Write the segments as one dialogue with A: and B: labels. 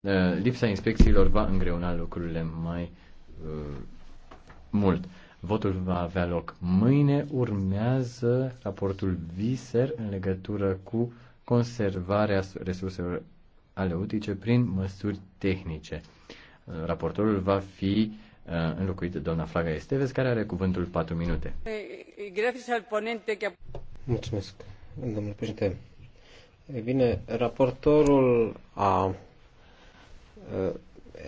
A: Uh, lipsa inspecțiilor va îngreuna lucrurile mai uh, mult. Votul va avea loc mâine. Urmează raportul VISER în legătură cu conservarea resurselor aleutice prin măsuri tehnice. Uh, raportorul va fi uh, înlocuit de doamna Flaga Esteves, care are cuvântul 4 minute.
B: Mulțumesc, domnule președinte. E bine, raportorul a Uh,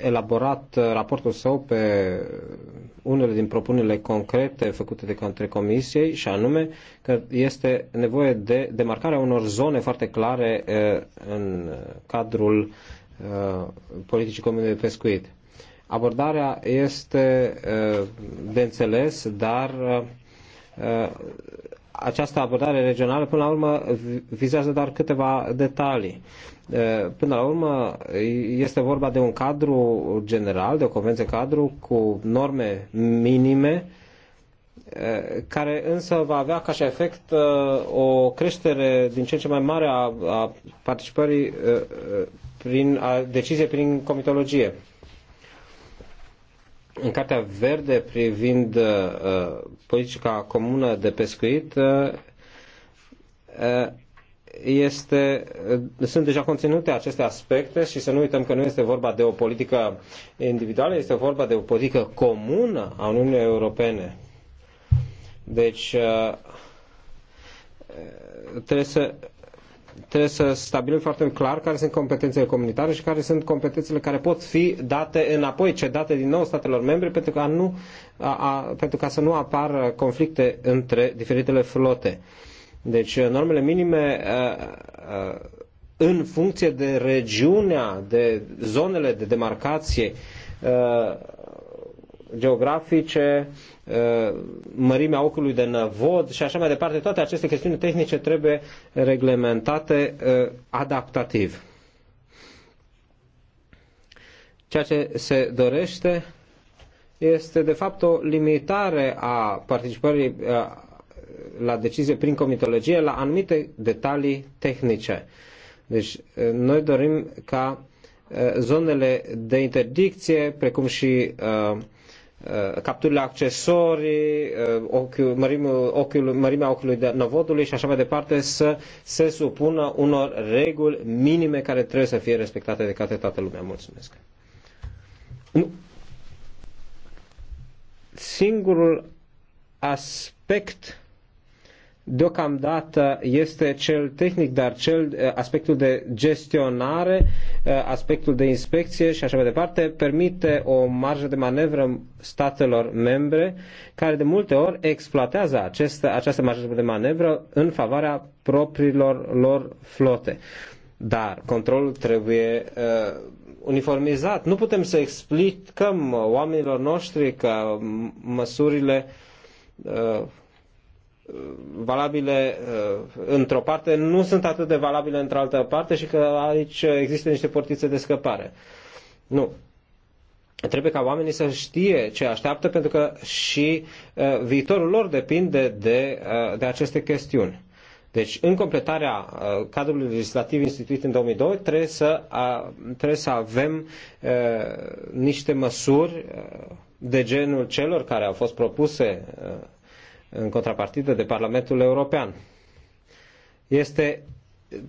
B: elaborat uh, raportul său pe unele din propunerile concrete făcute de către Comisiei și anume că este nevoie de demarcarea unor zone foarte clare uh, în cadrul politicii comune de pescuit. Abordarea este de înțeles, dar această abordare regională, până la urmă, vizează doar câteva detalii. Până la urmă, este vorba de un cadru general, de o convenție cadru cu norme minime, care însă va avea ca și efect o creștere din ce în ce mai mare a, participării prin a decizie prin comitologie în Cartea Verde privind uh, uh, politica comună de pescuit uh, uh este, uh, sunt deja conținute aceste aspecte și să nu uităm că nu este vorba de o politică individuală, este vorba de o politică comună a Uniunii Europene. Deci trebuie să trebuie să stabilim foarte clar care sunt competențele comunitare și care sunt competențele care pot fi date înapoi, cedate din nou statelor membre pentru ca, nu, a, a, pentru ca să nu apară conflicte între diferitele flote. Deci uh, normele minime a, uh, a, uh, în funcție de regiunea, de zonele de demarcație, a, geografice, uh, mărimea ochiului de năvod și așa mai departe, toate aceste chestiuni tehnice trebuie reglementate uh, adaptativ. Ceea ce se dorește este de fapt o limitare a participării uh, la decizie prin comitologie la anumite detalii tehnice. Deci noi dorim ca zonele de interdicție, precum și uh, Uh, capturile accesorii, uh, ochiul, ochiul, mărimea ochiului de novodului și așa mai departe să se supună unor reguli minime care trebuie să fie respectate de către toată lumea. Mulțumesc. Nu. Singurul aspect deocamdată este cel tehnic, dar cel eh, aspectul de gestionare, eh, aspectul de inspecție și așa mai departe, permite o marjă de manevră statelor membre care de multe ori exploatează aceste, această marjă de manevră în favoarea propriilor lor flote. Dar controlul trebuie uh, uniformizat. Nu putem să explicăm oamenilor noștri că măsurile uh, valabile uh, într-o parte nu sunt atât de valabile într-altă parte și că aici există niște portițe de scăpare. Nu. Trebuie ca oamenii să știe ce așteaptă pentru că și uh, viitorul lor depinde de, uh, de aceste chestiuni. Deci, în completarea cadrului legislativ instituit în 2002, trebuie să, trebuie să avem niște măsuri de genul celor care au fost propuse în contrapartidă de Parlamentul European. Este,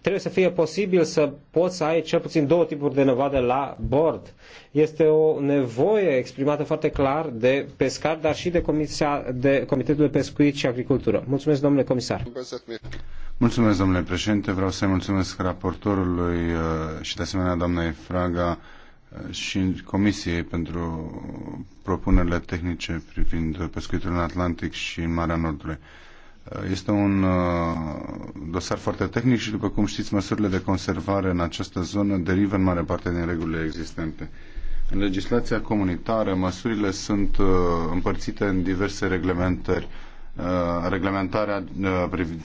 B: trebuie să fie posibil să poți să ai cel puțin două tipuri de năvade la bord. Este o nevoie exprimată foarte clar de pescar, dar și de, comisia, de Comitetul de Pescuit și Agricultură. Mulțumesc, domnule comisar.
C: Mulțumesc, domnule președinte. Vreau să mulțumesc raportorului uh, și, de asemenea, doamnei Fraga și Comisiei pentru propunerile tehnice privind pescuitul în Atlantic și în Marea Nordului. Este un uh, dosar foarte tehnic și, după cum știți, măsurile de conservare în această zonă derivă în mare parte din regulile existente. În legislația comunitară, măsurile sunt uh, împărțite în diverse reglementări. Uh, reglementarea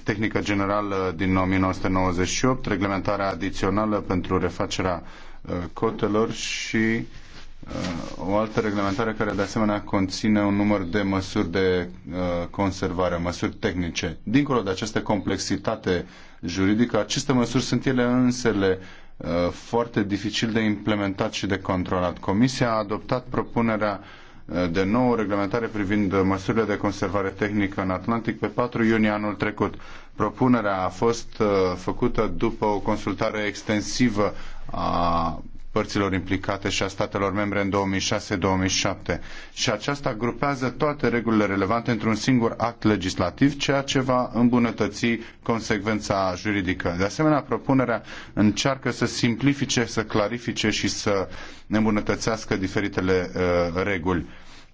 C: tehnică generală din 1998, reglementarea adițională pentru refacerea Uh, cotelor și uh, o altă reglementare care de asemenea conține un număr de măsuri de uh, conservare, măsuri tehnice. Dincolo de această complexitate juridică, aceste măsuri sunt ele însele foarte dificil de implementat și de controlat. Comisia a adoptat propunerea de nouă reglementare privind măsurile de conservare tehnică în Atlantic pe 4 iunie anul trecut. Propunerea a fost făcută după o consultare extensivă a părților implicate și a statelor membre în 2006-2007. Și aceasta grupează toate regulile relevante într-un singur act legislativ, ceea ce va îmbunătăți consecvența juridică. De asemenea, propunerea încearcă să simplifice, să clarifice și să îmbunătățească diferitele uh, reguli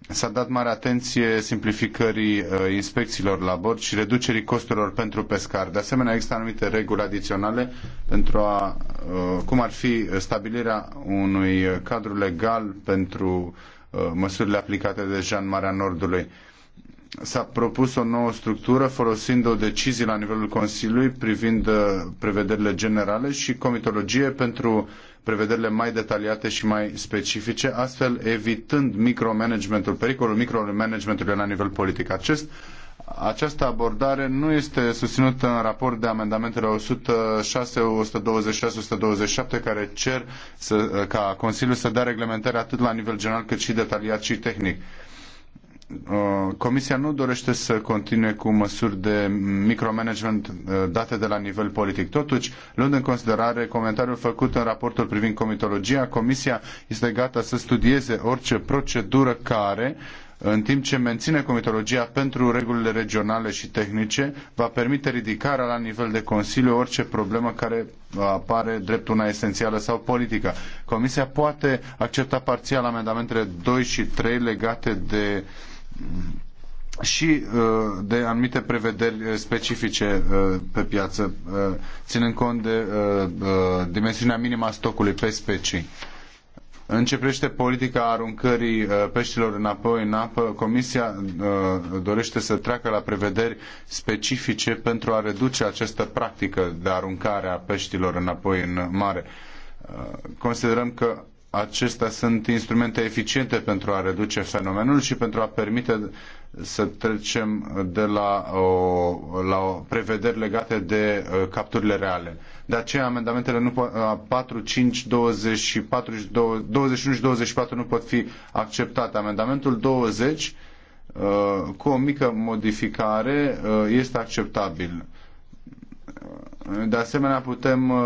C: S-a dat mare atenție simplificării uh, inspecțiilor la bord și reducerii costurilor pentru pescar. De asemenea, există anumite reguli adiționale pentru a, uh, cum ar fi stabilirea unui cadru legal pentru uh, măsurile aplicate deja în Marea Nordului s-a propus o nouă structură folosind o decizie la nivelul Consiliului privind uh, prevederile generale și comitologie pentru prevederile mai detaliate și mai specifice, astfel evitând micromanagementul, pericolul micromanagementului la nivel politic. Acest această abordare nu este susținută în raport de amendamentele 106, 126, 127 care cer să, ca Consiliul să dea reglementări atât la nivel general cât și detaliat și tehnic. Uh, Comisia nu dorește să continue cu măsuri de micromanagement uh, date de la nivel politic. Totuși, luând în considerare comentariul făcut în raportul privind comitologia, Comisia este gata să studieze orice procedură care în timp ce menține comitologia pentru regulile regionale și tehnice, va permite ridicarea la nivel de Consiliu orice problemă care apare drept una esențială sau politică. Comisia poate accepta parțial amendamentele 2 și 3 legate de uh, și uh, de anumite prevederi specifice uh, pe piață, uh, ținând cont de dimensiunea minimă a stocului pe specii. În ce privește politica aruncării peștilor înapoi în apă, Comisia dorește să treacă la prevederi specifice pentru a reduce această practică de aruncare a peștilor înapoi în mare. Considerăm că acestea sunt instrumente eficiente pentru a reduce fenomenul și pentru a permite să trecem de la, o, la o prevederi legate de uh, capturile reale. De aceea amendamentele nu po- 4, 5, 24, 21 și 24 nu pot fi acceptate. Amendamentul 20 uh, cu o mică modificare uh, este acceptabil de asemenea, putem uh,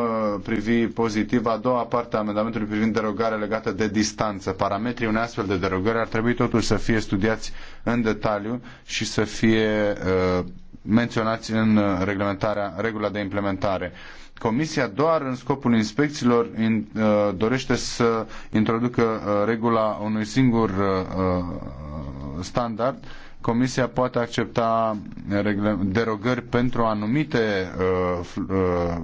C: privi pozitiv a doua parte a amendamentului privind derogarea legată de distanță. Parametrii unei astfel de derogări ar trebui totuși să fie studiați în detaliu și să fie uh, menționați în uh, reglementarea, regula de implementare. Comisia doar în scopul inspecțiilor in, uh, dorește să introducă uh, regula unui singur uh, standard Comisia poate accepta derogări pentru anumite uh, uh,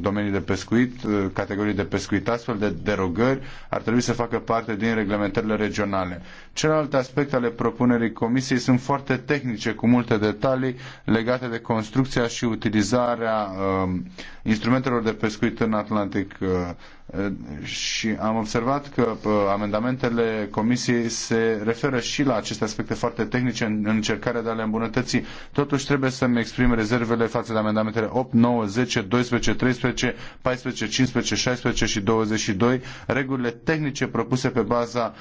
C: domenii de pescuit, uh, categorii de pescuit. Astfel de derogări ar trebui să facă parte din reglementările regionale. Celelalte aspecte ale propunerii Comisiei sunt foarte tehnice, cu multe detalii legate de construcția și utilizarea instrumentelor de pescuit în Atlantic și am observat că amendamentele comisiei se referă și la aceste aspecte foarte tehnice în încercarea de a le îmbunătăți. Totuși trebuie să-mi exprim rezervele față de amendamentele 8, 9, 10, 12, 13, 14, 15, 16 și 22. Regulile tehnice propuse pe baza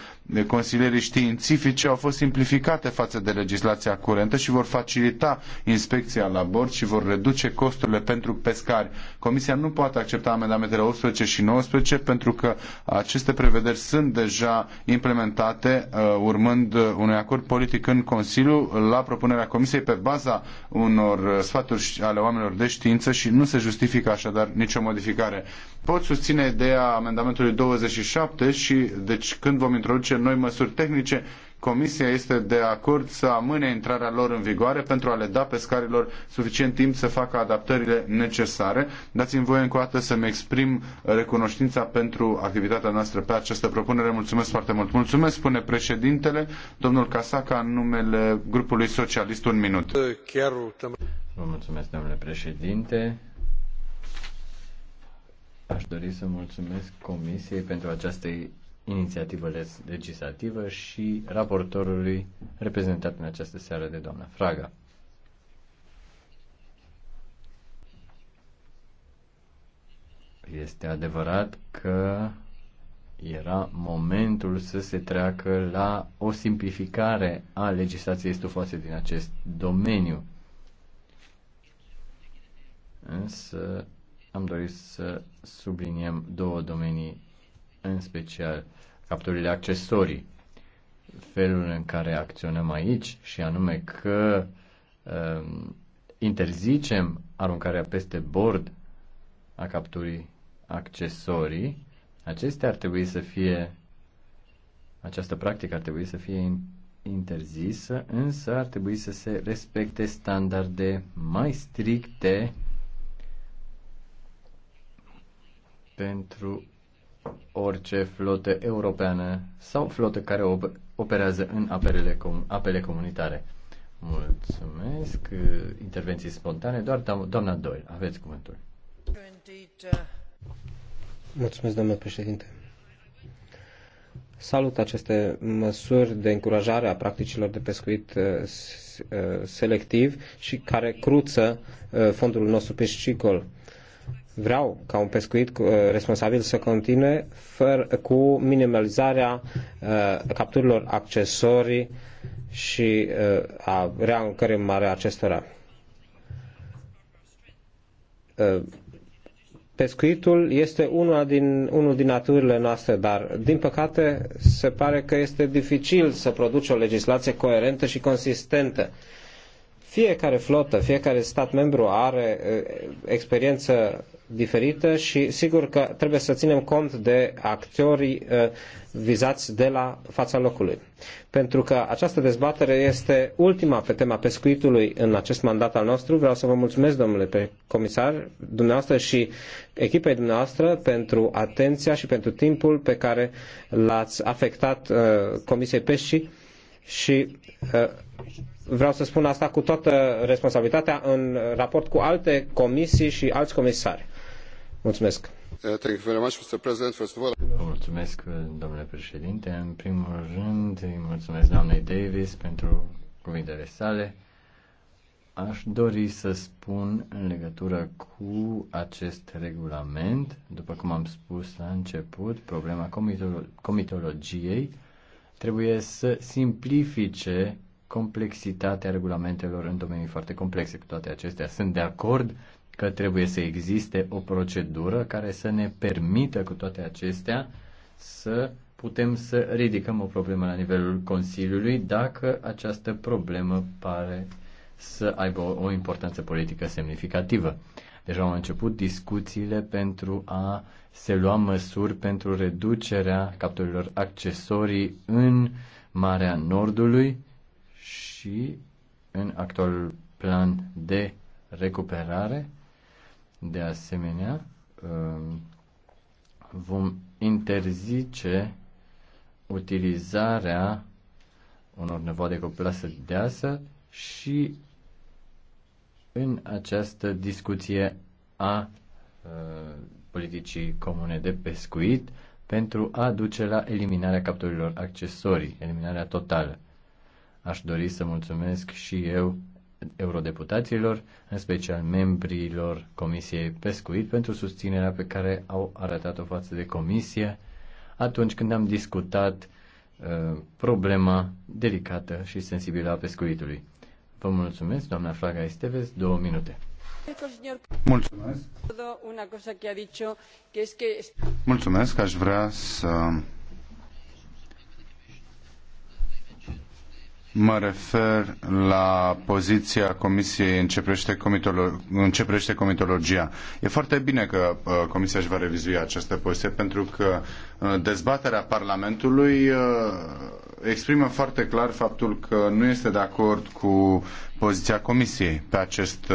C: consilierii științifice au fost simplificate față de legislația curentă și vor facilita inspecția la bord și vor reduce costurile pentru pescari. Comisia nu poate accepta amendamentele 18 și 19 2011 pentru că aceste prevederi sunt deja implementate uh, urmând unui acord politic în Consiliu la propunerea Comisiei pe baza unor sfaturi ale oamenilor de știință și nu se justifică așadar nicio modificare. Pot susține ideea amendamentului 27 și deci când vom introduce noi măsuri tehnice Comisia este de acord să amâne intrarea lor în vigoare pentru a le da pescarilor suficient timp să facă adaptările necesare. Dați-mi voie încă o dată să-mi exprim uh, recunoștința pentru activitatea noastră pe această propunere. Mulțumesc foarte mult. Mulțumesc, spune președintele, domnul Casaca, în numele grupului
A: socialist, un minut. Uh, Vă mulțumesc, domnule președinte. Aș dori să mulțumesc Comisiei pentru această inițiativă legislativă și raportorului reprezentat în această seară de doamna Fraga. Este adevărat că era momentul să se treacă la o simplificare a legislației stufoase din acest domeniu. Însă am dorit să subliniem două domenii în special capturile accesorii. Felul în care acționăm aici, și anume că um, interzicem aruncarea peste bord a capturii accesorii, acestea ar trebui să fie, această practică ar trebui să fie interzisă, însă ar trebui să se respecte standarde mai stricte pentru orice flotă europeană sau flotă care op- operează în apele, com- apele comunitare. Mulțumesc. Intervenții spontane. Doar doamna Doyle, aveți cuvântul.
B: Mulțumesc, doamnă președinte. Salut aceste măsuri de încurajare a practicilor de pescuit uh, uh, selectiv și care cruță uh, fondul nostru piscicol vreau ca un pescuit uh, responsabil să continue fără, cu minimalizarea uh, capturilor accesorii și uh, a mare acestora. Uh, pescuitul este una din, unul din naturile noastre, dar din păcate se pare că este dificil să produci o legislație coerentă și consistentă fiecare flotă, fiecare stat membru are uh, experiență diferită și sigur că trebuie să ținem cont de actorii uh, vizați de la fața locului. Pentru că această dezbatere este ultima pe tema pescuitului în acest mandat al nostru. Vreau să vă mulțumesc, domnule comisar, dumneavoastră și echipei dumneavoastră pentru atenția și pentru timpul pe care l-ați afectat uh, Comisiei Pescii și uh, vreau să spun asta cu toată responsabilitatea în raport cu alte comisii și alți comisari. Mulțumesc.
A: Uh, mulțumesc, domnule președinte. În primul rând, îi mulțumesc doamnei Davis pentru cuvintele sale. Aș dori să spun în legătură cu acest regulament, după cum am spus la început, problema comitologiei trebuie să simplifice complexitatea regulamentelor în domenii foarte complexe. Cu toate acestea, sunt de acord că trebuie să existe o procedură care să ne permită cu toate acestea să putem să ridicăm o problemă la nivelul Consiliului dacă această problemă pare să aibă o, importanță politică semnificativă. Deja au început discuțiile pentru a se lua măsuri pentru reducerea capturilor accesorii în Marea Nordului și în actualul plan de recuperare de asemenea, um, vom interzice utilizarea unor nevoade cu plasă deasă și în această discuție a uh, politicii comune de pescuit pentru a duce la eliminarea capturilor accesorii, eliminarea totală. Aș dori să mulțumesc și eu eurodeputaților, în special membrilor Comisiei Pescuit, pentru susținerea pe care au arătat-o față de Comisie atunci când am discutat uh, problema delicată și sensibilă a pescuitului. Vă mulțumesc, doamna Fraga Esteves, două minute. Mulțumesc.
C: Mulțumesc, aș vrea să Mă refer la poziția Comisiei în ce privește comitologia. E foarte bine că uh, Comisia își va revizui această poziție pentru că uh, dezbaterea Parlamentului uh, exprimă foarte clar faptul că nu este de acord cu poziția Comisiei pe acest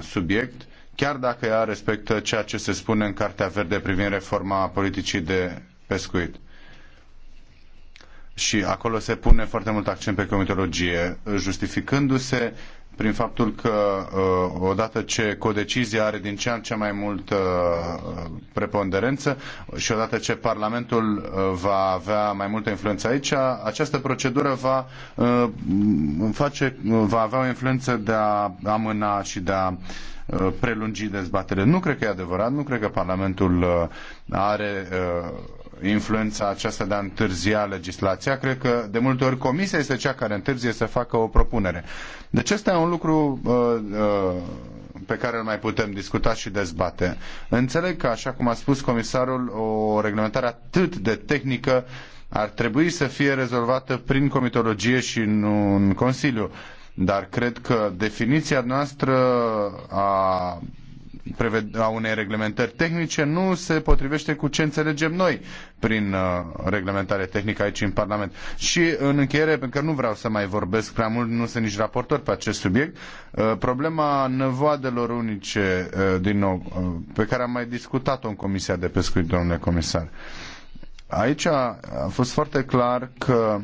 C: subiect, chiar dacă ea respectă ceea ce se spune în Cartea Verde privind reforma politicii de pescuit și acolo se pune foarte mult accent pe comitologie, justificându-se prin faptul că uh, odată ce codecizia are din ce în ce mai mult uh, preponderență și odată ce Parlamentul uh, va avea mai multă influență aici, această procedură va, face, va avea o influență de a amâna și de a prelungi dezbatere. Nu cred că e adevărat, nu cred că Parlamentul are influența aceasta de a întârzia legislația. Cred că de multe ori comisia este cea care întârzie să facă o propunere. Deci este un lucru uh, uh, pe care îl mai putem discuta și dezbate. Înțeleg că, așa cum a spus comisarul, o reglementare atât de tehnică ar trebui să fie rezolvată prin comitologie și în, în Consiliu. Dar cred că definiția noastră a a unei reglementări tehnice nu se potrivește cu ce înțelegem noi prin uh, reglementare tehnică aici în Parlament. Și în încheiere, pentru că nu vreau să mai vorbesc prea mult, nu sunt nici raportor pe acest subiect, uh, problema nevoadelor unice, uh, din nou, pe care am mai discutat-o în Comisia de Pescuit, domnule comisar. Aici a fost foarte clar că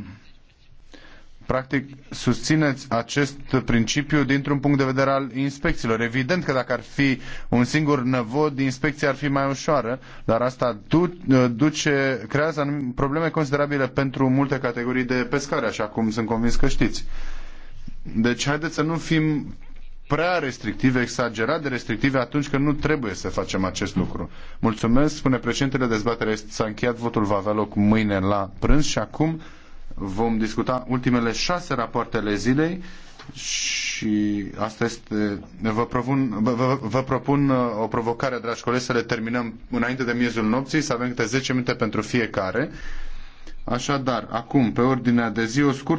C: Practic, susțineți acest principiu dintr-un punct de vedere al inspecțiilor. Evident că dacă ar fi un singur năvod, inspecția ar fi mai ușoară, dar asta duce, creează probleme considerabile pentru multe categorii de pescare, așa cum sunt convins că știți. Deci, haideți să nu fim prea restrictive, exagerat de restrictive atunci când nu trebuie să facem acest lucru. Mulțumesc, spune președintele, dezbaterea s-a încheiat, votul va avea loc mâine la prânz și acum vom discuta ultimele șase rapoarte ale zilei și asta este... Vă, propun, vă, vă propun uh, o provocare, dragi colegi, să le terminăm înainte de miezul nopții, să avem câte 10 minute pentru fiecare. Așadar, acum, pe ordinea de zi, o scurt